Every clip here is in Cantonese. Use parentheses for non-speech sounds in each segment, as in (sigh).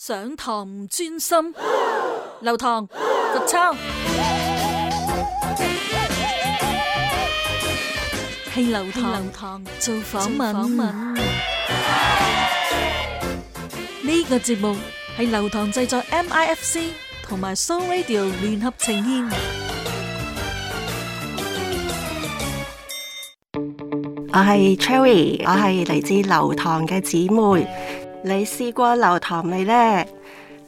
上堂唔專心，流堂罰抄係流堂做訪問呢個節目係流堂製作 MIFC 同埋 So Radio 聯合呈現。我係 Cherry，我係嚟自流堂嘅姊妹。你試過留堂未呢？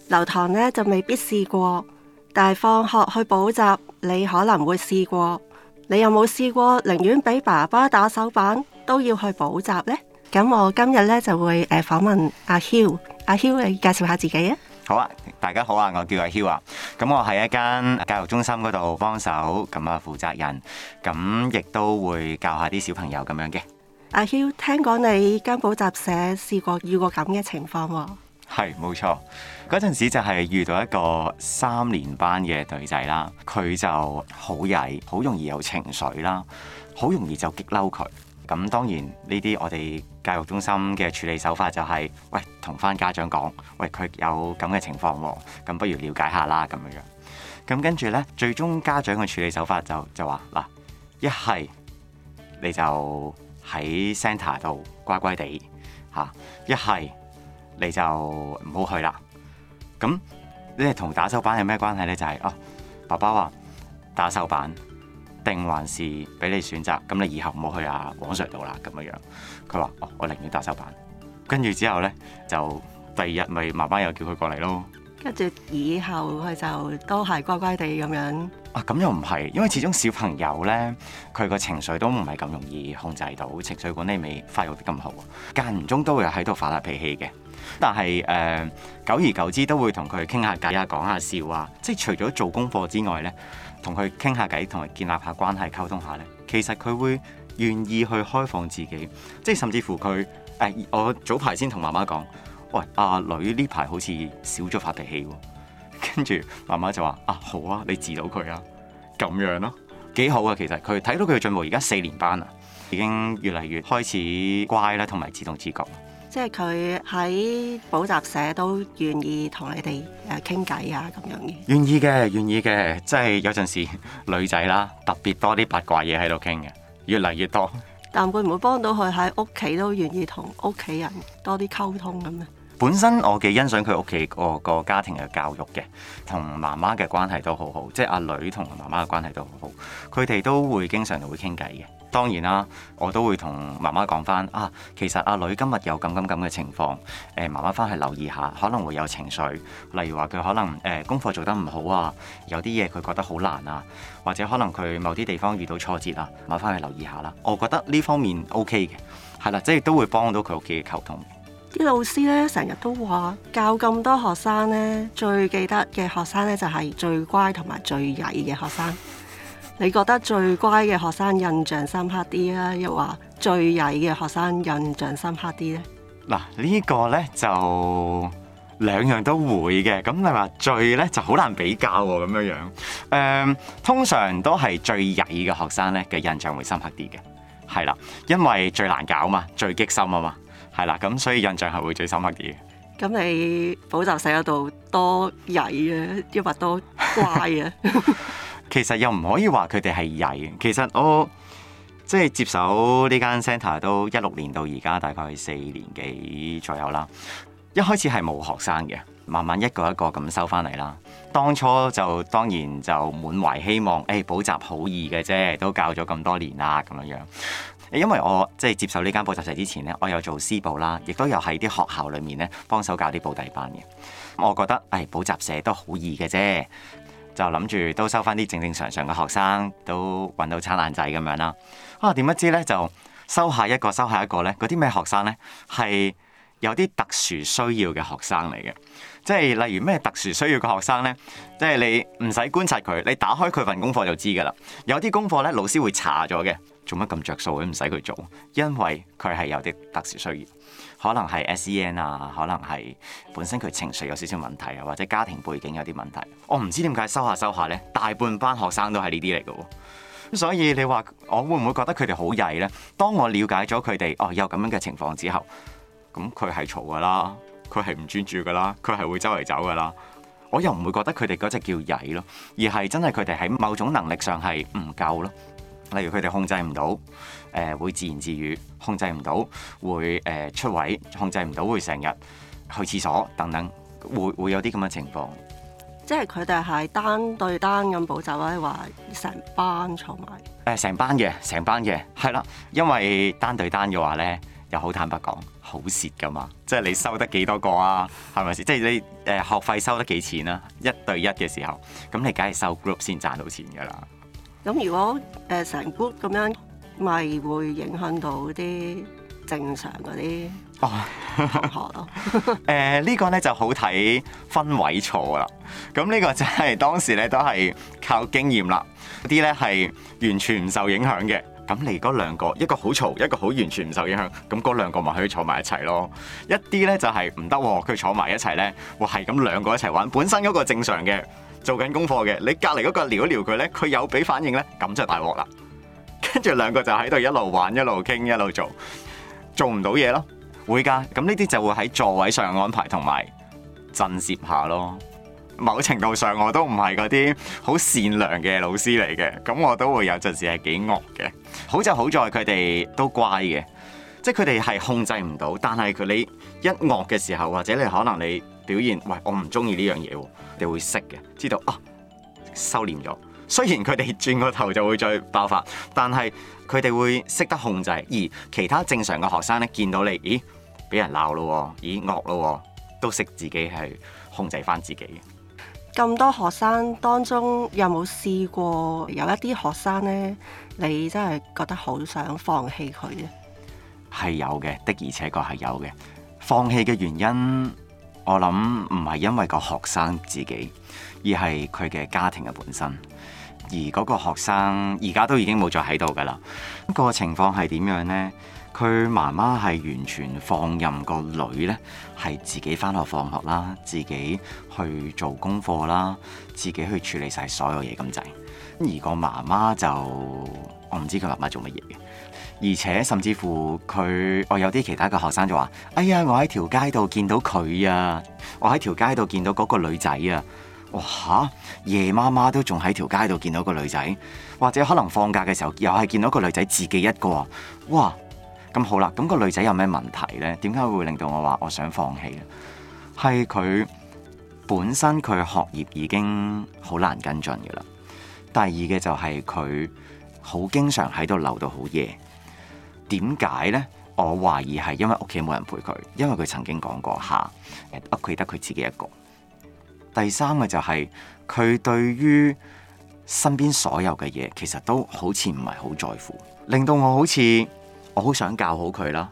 留堂呢就未必試過，但係放學去補習，你可能會試過。你有冇試過寧願俾爸爸打手板都要去補習呢？咁我今日呢就會誒、呃、訪問阿 Hugh，阿 Hugh 你介紹下自己啊。好啊，大家好啊，我叫阿 Hugh 啊。咁我喺一間教育中心嗰度幫手，咁啊負責人，咁亦都會教下啲小朋友咁樣嘅。阿 Hugh 聽講你間補習社試過遇過咁嘅情況喎、哦？係，冇錯。嗰陣時就係遇到一個三年班嘅女仔啦，佢就好曳，好容易有情緒啦，好容易就激嬲佢。咁當然呢啲我哋教育中心嘅處理手法就係、是，喂，同翻家長講，喂，佢有咁嘅情況喎，咁不如了解下啦咁樣樣。咁跟住呢，最終家長嘅處理手法就就話嗱，一、啊、係你就，喺 c e n t r 度乖乖地嚇，一係你就唔好去啦。咁你係同打手板有咩關係咧？就係、是、啊，爸爸話打手板定還是俾你選擇。咁你以後唔好去啊廣場度啦。咁樣樣，佢話哦，我寧願打手板。跟住之後咧，就第二日咪媽媽又叫佢過嚟咯。跟住以後，佢就都係乖乖地咁樣。啊，咁又唔係，因為始終小朋友呢，佢個情緒都唔係咁容易控制到，情緒管理未發育得咁好，間唔中都會喺度發下脾氣嘅。但係誒、呃，久而久之都會同佢傾下偈啊，講下、下笑啊。即係除咗做功課之外呢，同佢傾下偈，同佢建立下關係，溝通下呢。其實佢會願意去開放自己。即係甚至乎佢誒、呃，我早排先同媽媽講。喂，阿、啊、女呢排好似少咗發脾氣喎，跟住媽媽就話：啊好啊，你治到佢啊，咁樣咯、啊，幾好啊！其實佢睇到佢嘅進步，而家四年班啦，已經越嚟越開始乖啦，同埋自動自覺。即係佢喺補習社都願意同你哋誒傾偈啊，咁樣嘅。願意嘅，願意嘅，即係有陣時女仔啦，特別多啲八卦嘢喺度傾嘅，越嚟越多。但會唔會幫到佢喺屋企都願意同屋企人多啲溝通咁啊？本身我幾欣賞佢屋企個個家庭嘅教育嘅，同媽媽嘅關係都好好，即係阿女同媽媽嘅關係都好好，佢哋都會經常會傾偈嘅。當然啦，我都會同媽媽講翻啊，其實阿女今日有咁咁咁嘅情況，誒，媽媽翻去留意下，可能會有情緒，例如話佢可能誒、欸、功課做得唔好啊，有啲嘢佢覺得好難啊，或者可能佢某啲地方遇到挫折啊，媽媽翻去留意下啦。我覺得呢方面 O K 嘅，係啦，即係都會幫到佢屋企嘅溝通。啲老師咧成日都話教咁多學生咧，最記得嘅學生咧就係、是、最乖同埋最曳嘅學生。你覺得最乖嘅學生印象深刻啲啊？又話最曳嘅學生印象深刻啲咧？嗱，呢個咧就兩樣都會嘅。咁你話最咧就好難比較喎、啊，咁樣樣誒、嗯，通常都係最曳嘅學生咧嘅印象會深刻啲嘅，係啦，因為最難搞嘛，最激心啊嘛。係啦，咁所以印象係會最深刻啲。咁你補習社嗰度多曳啊，抑或多乖啊？其實又唔可以話佢哋係曳。其實我即係接手呢間 centre 都一六年到而家大概四年幾左右啦。一開始係冇學生嘅，慢慢一個一個咁收翻嚟啦。當初就當然就滿懷希望，誒、哎、補習好易嘅啫，都教咗咁多年啦，咁樣樣。因為我即係接受呢間補習社之前呢，我有做私補啦，亦都有喺啲學校裏面呢幫手教啲補底班嘅。我覺得誒補習社都好易嘅啫，就諗住都收返啲正正常常嘅學生，都揾到產爛仔咁樣啦。啊，點不知呢，就收下一個收下一個呢，嗰啲咩學生呢？係有啲特殊需要嘅學生嚟嘅。即係例如咩特殊需要嘅學生呢？即係你唔使觀察佢，你打開佢份功課就知㗎啦。有啲功課呢，老師會查咗嘅。做乜咁着數都唔使佢做，因為佢係有啲特殊需要，可能係 SEN 啊，可能係本身佢情緒有少少問題啊，或者家庭背景有啲問題。我唔知點解收下收下呢，大半班學生都係呢啲嚟嘅。咁所以你話我會唔會覺得佢哋好曳呢？當我了解咗佢哋哦有咁樣嘅情況之後，咁佢係嘈㗎啦，佢係唔專注㗎啦，佢係會周圍走㗎啦。我又唔會覺得佢哋嗰隻叫曳咯，而係真係佢哋喺某種能力上係唔夠咯。例如佢哋控制唔到，誒、呃、會自言自語，控制唔到會誒、呃、出位，控制唔到會成日去廁所等等，會會有啲咁嘅情況。即係佢哋係單對單咁補習咧，話成班坐埋。誒、呃，成班嘅，成班嘅，係啦，因為單對單嘅話咧，又好坦白講，好蝕㗎嘛。即係你收得幾多個啊？係咪先？即係你誒、呃、學費收得幾錢啊？一對一嘅時候，咁你梗係收 group 先賺到錢㗎啦。咁如果誒成 group 咁樣，咪會影響到啲正常嗰啲同學咯。誒呢個咧就好睇分位坐啦。咁呢個就係當時咧都係靠經驗啦。啲咧係完全唔受影響嘅。咁嚟嗰兩個，一個好嘈，一個好完全唔受影響。咁嗰兩個咪可以坐埋一齊咯。一啲咧就係唔得，佢坐埋一齊咧，會係咁兩個一齊玩，本身嗰個正常嘅。做緊功課嘅，你隔籬嗰個撩一撩佢呢，佢有俾反應呢，咁就大鑊啦。跟住兩個就喺度一路玩一路傾一路做，做唔到嘢咯，會噶。咁呢啲就會喺座位上安排同埋震懾下咯。某程度上我都唔係嗰啲好善良嘅老師嚟嘅，咁我都會有陣時係幾惡嘅。好就好在佢哋都乖嘅，即係佢哋係控制唔到，但係佢你一惡嘅時候或者你可能你。表現喂，我唔中意呢樣嘢，你會識嘅，知道啊，收斂咗。雖然佢哋轉個頭就會再爆發，但係佢哋會識得控制。而其他正常嘅學生咧，見到你，咦，俾人鬧咯，咦，惡咯，都識自己係控制翻自己。咁多學生當中，有冇試過有一啲學生呢？你真係覺得好想放棄佢咧？係有嘅，的而且確係有嘅。放棄嘅原因。我諗唔係因為個學生自己，而係佢嘅家庭嘅本身。而嗰個學生而家都已經冇再喺度噶啦。個情況係點樣呢？佢媽媽係完全放任個女呢，係自己翻學放學啦，自己去做功課啦，自己去處理晒所有嘢咁滯。而個媽媽就我唔知佢媽媽做乜嘢。而且甚至乎佢，我有啲其他嘅學生就話，哎呀，我喺條街度見到佢啊！我喺條街度見到嗰個女仔啊！哇嚇，夜媽媽都仲喺條街度見到個女仔，或者可能放假嘅時候又係見到個女仔自己一個啊。哇，咁好啦，咁個女仔有咩問題咧？點解會令到我話我想放棄咧？係佢本身佢學業已經好難跟進嘅啦。第二嘅就係佢好經常喺度留到好夜。點解呢？我懷疑係因為屋企冇人陪佢，因為佢曾經講過吓，屋企得佢自己一個。第三個就係佢對於身邊所有嘅嘢，其實都好似唔係好在乎，令到我好似我好想教好佢啦。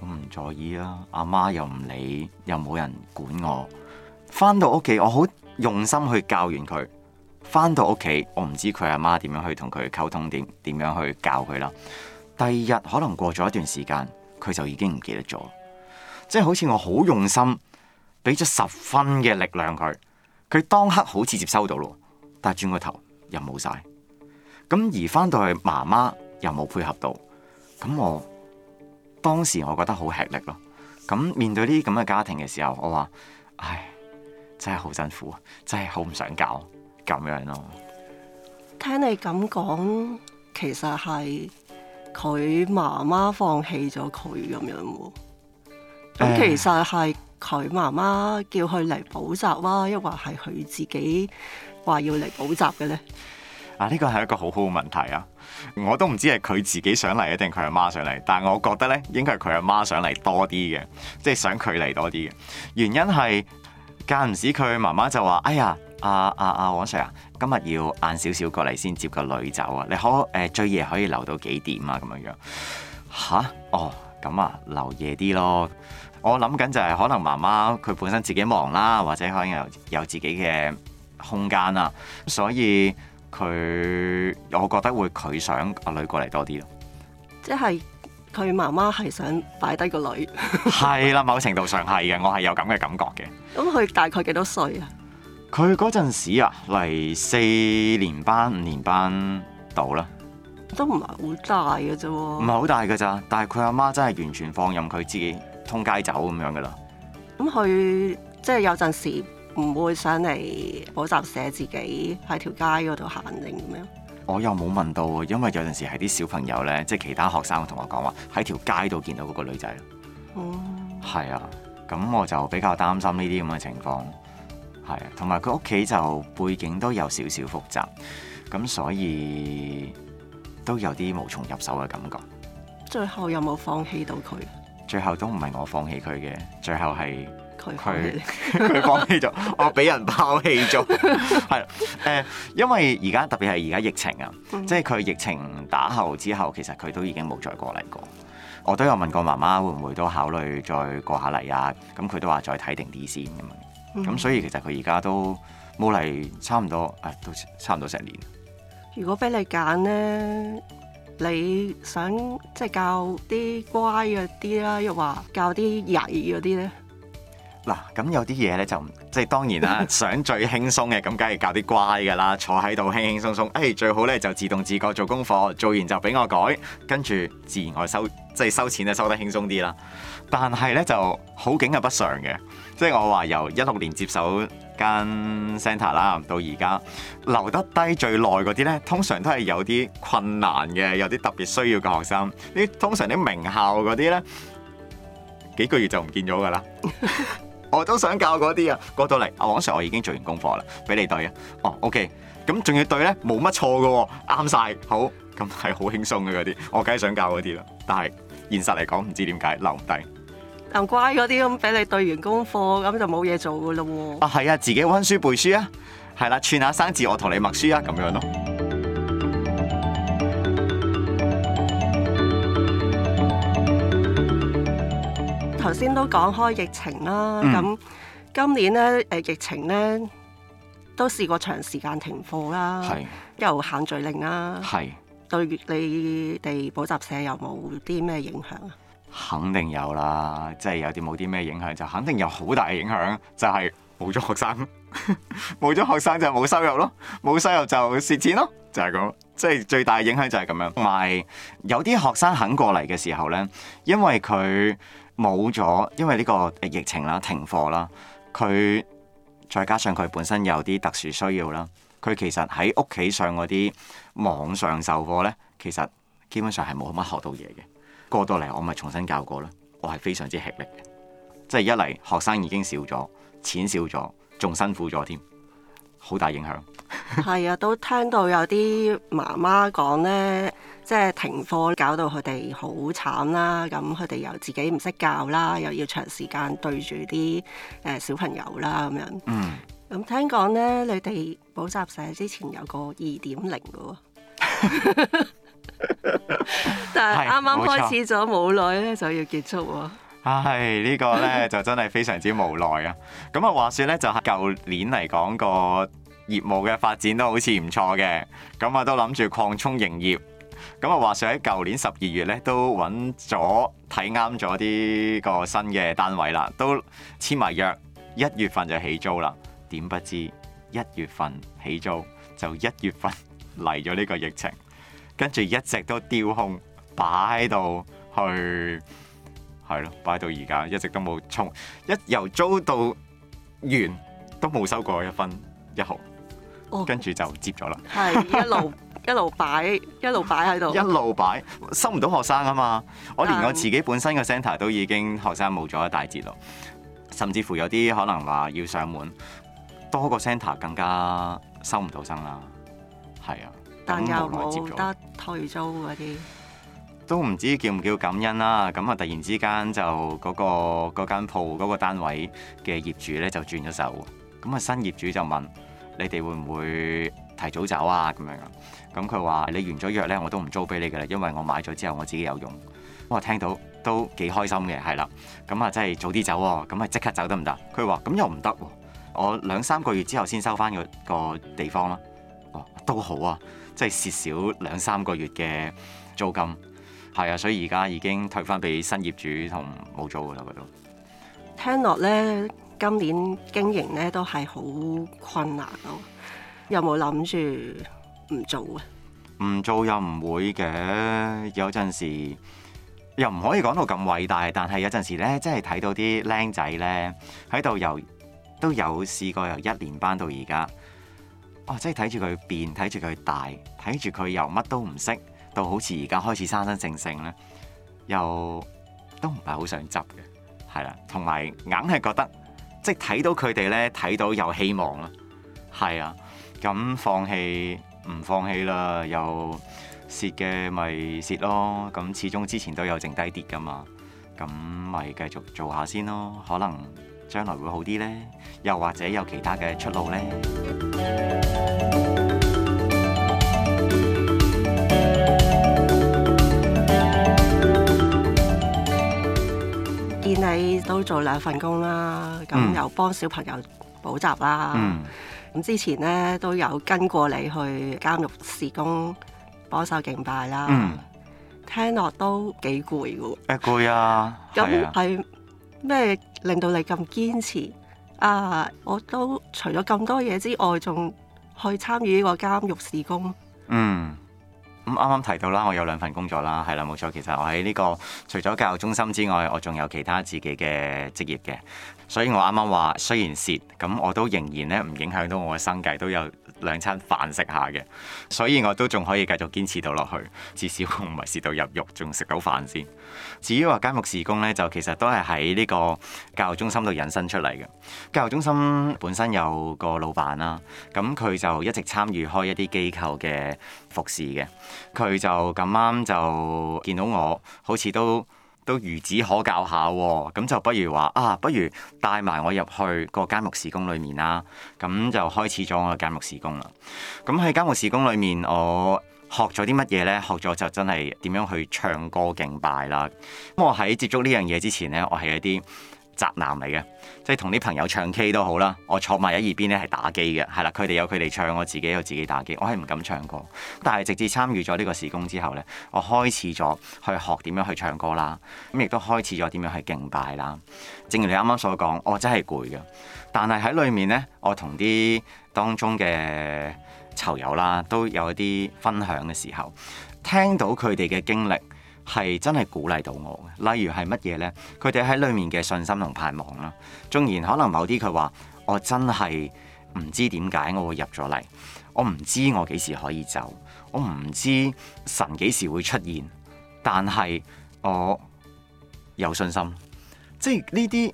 我唔在意啦。阿媽又唔理，又冇人管我。翻到屋企，我好用心去教完佢。翻到屋企，我唔知佢阿媽點樣去同佢溝通，點點樣去教佢啦。第二日可能過咗一段時間，佢就已經唔記得咗，即係好似我好用心，俾咗十分嘅力量佢，佢當刻好似接收到咯，但係轉個頭又冇晒。咁而翻到去媽媽又冇配合到，咁我當時我覺得好吃力咯。咁面對呢啲咁嘅家庭嘅時候，我話唉，真係好辛苦，真係好唔想搞咁樣咯。聽你咁講，其實係。佢媽媽放棄咗佢咁樣喎，咁其實係佢媽媽叫佢嚟補習啦，抑或係佢自己話要嚟補習嘅咧？啊，呢個係一個好好嘅問題啊！我都唔知係佢自己想嚟啊，定佢阿媽想嚟。但係我覺得咧，應該係佢阿媽想嚟多啲嘅，即係想佢嚟多啲嘅原因係間唔時佢媽媽就話：哎呀。阿阿阿王 Sir 啊，今日要晏少少過嚟先接個女走啊！你可誒、呃、最夜可以留到幾點啊？咁樣樣吓哦，咁啊留夜啲咯。我諗緊就係可能媽媽佢本身自己忙啦，或者可能有，有自己嘅空間啊，所以佢我覺得會佢想阿女過嚟多啲咯。即係佢媽媽係想擺低個女，係 (laughs) 啦，某程度上係嘅，我係有咁嘅感覺嘅。咁佢、嗯、大概幾多歲啊？佢嗰陣時啊，嚟四年班五年班到啦，都唔係好大嘅啫喎，唔係好大嘅咋，但係佢阿媽真係完全放任佢自己通街走咁樣嘅啦。咁佢即係有陣時唔會上嚟補習社，自己喺條街嗰度行定咁樣。我又冇問到，因為有陣時係啲小朋友咧，即係其他學生同我講話喺條街度見到嗰個女仔。哦、嗯，係啊，咁我就比較擔心呢啲咁嘅情況。係啊，同埋佢屋企就背景都有少少複雜，咁所以都有啲無從入手嘅感覺。最後有冇放棄到佢？最後都唔係我放棄佢嘅，最後係佢佢放棄咗，我俾人拋棄咗。係誒，因為而家特別係而家疫情啊， (laughs) 即係佢疫情打後之後，其實佢都已經冇再過嚟過。我都有問過媽媽會唔會都考慮再過下嚟啊？咁佢都話再睇定啲先咁啊。咁、嗯、所以其實佢而家都冇嚟，差唔多啊，都差唔多成年。如果俾你揀咧，你想即係教啲乖嗰啲啦，又話教啲曳嗰啲咧？嗱、啊，咁有啲嘢咧就即係當然啦， (laughs) 想最輕鬆嘅咁，梗係教啲乖噶啦，坐喺度輕輕鬆鬆，誒、哎、最好咧就自動自覺做功課，做完就俾我改，跟住自然我收即係收錢咧收得輕鬆啲啦。但係咧就好景啊不常嘅。即係我話由一六年接手間 centre 啦，到而家留得低最耐嗰啲咧，通常都係有啲困難嘅，有啲特別需要嘅學生。啲通常啲名校嗰啲咧，幾個月就唔見咗噶啦。 (laughs) 我都想教嗰啲啊，過到嚟。阿王 s 我已經做完功課啦，俾你對啊。哦，OK，咁仲要對咧，冇乜錯噶、哦，啱晒。好，咁係好輕鬆嘅嗰啲，我梗係想教嗰啲啦。但係現實嚟講，唔知點解留低。咁乖嗰啲咁，俾你對完功課咁就冇嘢做噶咯喎。啊，係啊，自己溫書背書啊，係啦，串下生字，我同你默書啊，咁樣咯。頭先都講開疫情啦，咁、嗯、今年咧誒疫情咧都試過長時間停課啦，係又是限聚令啦，係是對你哋補習社有冇啲咩影響啊？肯定有啦，即係有啲冇啲咩影響，就肯定有好大影響。就係冇咗學生，冇 (laughs) 咗學生就冇收入咯，冇收入就蝕錢咯，就係、是、咁。即係最大嘅影響就係咁樣。同埋、嗯、有啲學生肯過嚟嘅時候呢，因為佢冇咗，因為呢個疫情啦，停課啦，佢再加上佢本身有啲特殊需要啦，佢其實喺屋企上嗰啲網上授課呢，其實基本上係冇乜學到嘢嘅。過到嚟，我咪重新教過咧。我係非常之吃力嘅，即係一嚟學生已經少咗，錢少咗，仲辛苦咗添，好大影響。係 (laughs) 啊，都聽到有啲媽媽講呢，即係停課搞到佢哋好慘啦。咁佢哋又自己唔識教啦，又要長時間對住啲誒小朋友啦咁樣。嗯。咁聽講呢，你哋補習社之前有個二點零嘅喎。 (laughs) (laughs) 但係啱啱開始咗冇耐咧，冇錯，就要結束喎。唉，這個、呢個咧就真係非常之無奈啊！咁啊， (laughs) 話說咧就係舊年嚟講個業務嘅發展都好似唔錯嘅，咁啊都諗住擴充營業。咁啊，話說喺舊年十二月咧都揾咗睇啱咗啲個新嘅單位啦，都簽埋約，一月份就起租啦。點不知一月份起租就一月份嚟咗呢個疫情。跟住一直都丟空擺喺度，去係咯，擺到而家一直都冇衝，一由租到完都冇收過一分一毫，哦、跟住就接咗啦。係是 (laughs) 一路一路擺，一路擺喺度，一路擺收唔到學生啊嘛！我連我自己本身嘅 centre 都已經學生冇咗一大截咯，甚至乎有啲可能話要上門多個 centre 更加收唔到生啦。係啊。但又冇得退租嗰啲，都唔知叫唔叫感恩啦。咁啊，突然之間就嗰、嗰個嗰間鋪嗰個單位嘅業主咧就轉咗手了，咁啊新業主就問你哋會唔會提早走啊？咁樣咁佢話你完咗約咧，我都唔租俾你噶啦，因為我買咗之後我自己有用。我聽到都幾開心嘅，係啦。咁啊，真係早啲走喎，咁啊即刻走得唔得？佢話咁又唔得喎，我兩三個月之後先收翻個個地方啦，啊。哦，都好啊。即係蝕少兩三個月嘅租金，係啊，所以而家已經退翻俾新業主同冇租噶啦嗰度。聽落咧，今年經營咧都係好困難咯。有冇諗住唔做啊？唔做又唔會嘅，有陣時又唔可以講到咁偉大，但係有陣時咧，即係睇到啲靚仔咧喺度由都有試過由一年班到而家。哦，即係睇住佢變，睇住佢大，睇住佢由乜都唔識，到好似而家開始生生性性咧，又都唔係好想執嘅，係啦。同埋硬係覺得，即係睇到佢哋咧，睇到有希望啦。係啊，咁放棄唔放棄啦？又蝕嘅咪蝕咯。咁始終之前都有剩低啲噶嘛，咁咪繼續做下先咯。可能將來會好啲咧，又或者有其他嘅出路咧。你都做兩份工啦，咁又幫小朋友補習啦。咁、嗯、之前咧都有跟過你去監獄事工幫手敬拜啦。嗯、聽落都幾攰嘅喎。誒攰啊！咁係咩令到你咁堅持啊？我都除咗咁多嘢之外，仲去參與呢個監獄事工。嗯。咁啱啱提到啦，我有兩份工作啦，係啦，冇錯，其實我喺呢個除咗教育中心之外，我仲有其他自己嘅職業嘅，所以我啱啱話雖然蝕，咁我都仍然咧唔影響到我嘅生計，都有，兩餐飯食下嘅，所以我都仲可以繼續堅持到落去，至少我唔係蝕到入肉，仲食到飯先。至於話監獄事工呢，就其實都係喺呢個教育中心度引申出嚟嘅。教育中心本身有個老闆啦，啊，咁佢就一直參與開一啲機構嘅服侍嘅，佢就咁啱就見到我，好似都。都孺子可教下，啊，咁就不如話啊，不如帶埋我入去個監獄事工裏面啦。咁就開始咗我嘅監獄事工啦。咁喺監獄事工裏面，我學咗啲乜嘢呢？學咗就真係點樣去唱歌敬拜啦。咁我喺接觸呢樣嘢之前呢，我係一啲宅男嚟嘅，即係同啲朋友唱 K 都好啦。我坐埋喺耳邊咧，係打機嘅，係啦。佢哋有佢哋唱，我自己有自己打機。我係唔敢唱歌，但係直至參與咗呢個事工之後呢，我開始咗去學點樣去唱歌啦。咁亦都開始咗點樣去敬拜啦。正如你啱啱所講，我真係攰嘅。但係喺裏面呢，我同啲當中嘅囚友啦，都有一啲分享嘅時候，聽到佢哋嘅經歷。係真係鼓勵到我嘅，例如係乜嘢呢？佢哋喺裏面嘅信心同盼望啦。縱然可能某啲佢話我真係唔知點解我會入咗嚟，我唔知我幾時可以走，我唔知神幾時會出現，但係我有信心。即係呢啲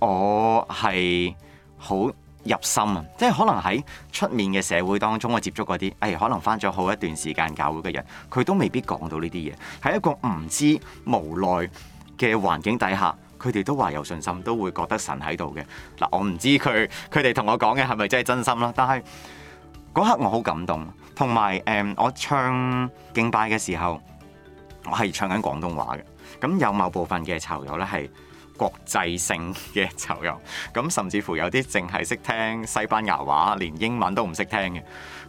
我係好。入心啊！即係可能喺出面嘅社會當中，我接觸嗰啲，誒、哎、可能返咗好一段時間教會嘅人，佢都未必講到呢啲嘢。喺一個唔知無奈嘅環境底下，佢哋都話有信心，都會覺得神喺度嘅。嗱，我唔知佢佢哋同我講嘅係咪真係真心啦？但係嗰刻我好感動，同埋誒我唱敬拜嘅時候，我係唱緊廣東話嘅。咁有某部分嘅囚友呢係。國際性嘅酬佣，咁甚至乎有啲淨係識聽西班牙話，連英文都唔識聽嘅。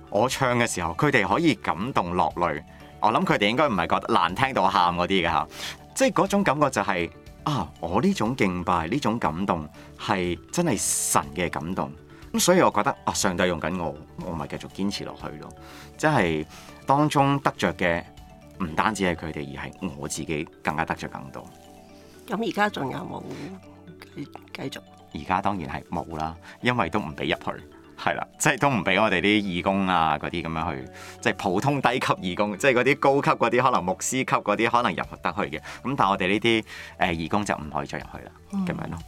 我唱嘅時候，佢哋可以感動落淚。我諗佢哋應該唔係覺得難聽到喊嗰啲嘅。吓，即係嗰種感覺就係、是、啊，我呢種敬拜呢種感動係真係神嘅感動。咁所以我覺得啊，上帝用緊我，我咪繼續堅持落去咯。即係當中得着嘅唔單止係佢哋，而係我自己更加得着更多。咁而家仲有冇繼繼續？而家當然係冇啦，因為都唔俾入去，係啦，即係都唔俾我哋啲義工啊嗰啲咁樣去，即係普通低級義工，即係嗰啲高級嗰啲，可能牧師級嗰啲，可能入得去嘅。咁但係我哋呢啲誒義工就唔可以再入去啦，嗯，咁樣咯。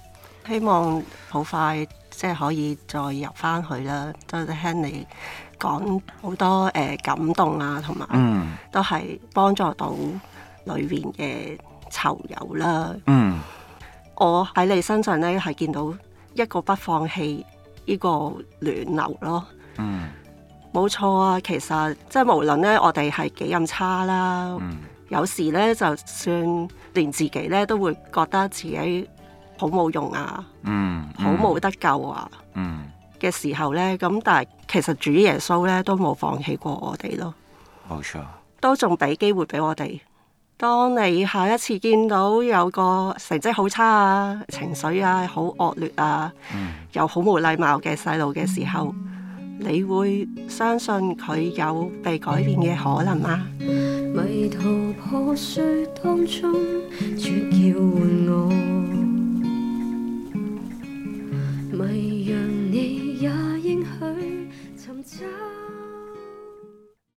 希望好快即係可以再入翻去啦，都聽你講好多誒、呃、感動啊，同埋都係幫助到裏邊嘅。仇友啦，嗯，我喺你身上咧係見到一個不放棄呢個暖流咯，嗯，冇錯啊，其實即係無論咧我哋係幾咁差啦，嗯，有時咧就算連自己咧都會覺得自己好冇用啊，嗯，好，嗯，冇得救啊，嗯，嘅時候咧咁，但係其實主耶穌咧都冇放棄過我哋咯，冇錯錯，都仲俾機會俾我哋。當你下一次見到有個成績好差啊、情緒啊好惡劣啊，又好冇禮貌嘅細路嘅時候，你會相信佢有被改變嘅可能嗎？迷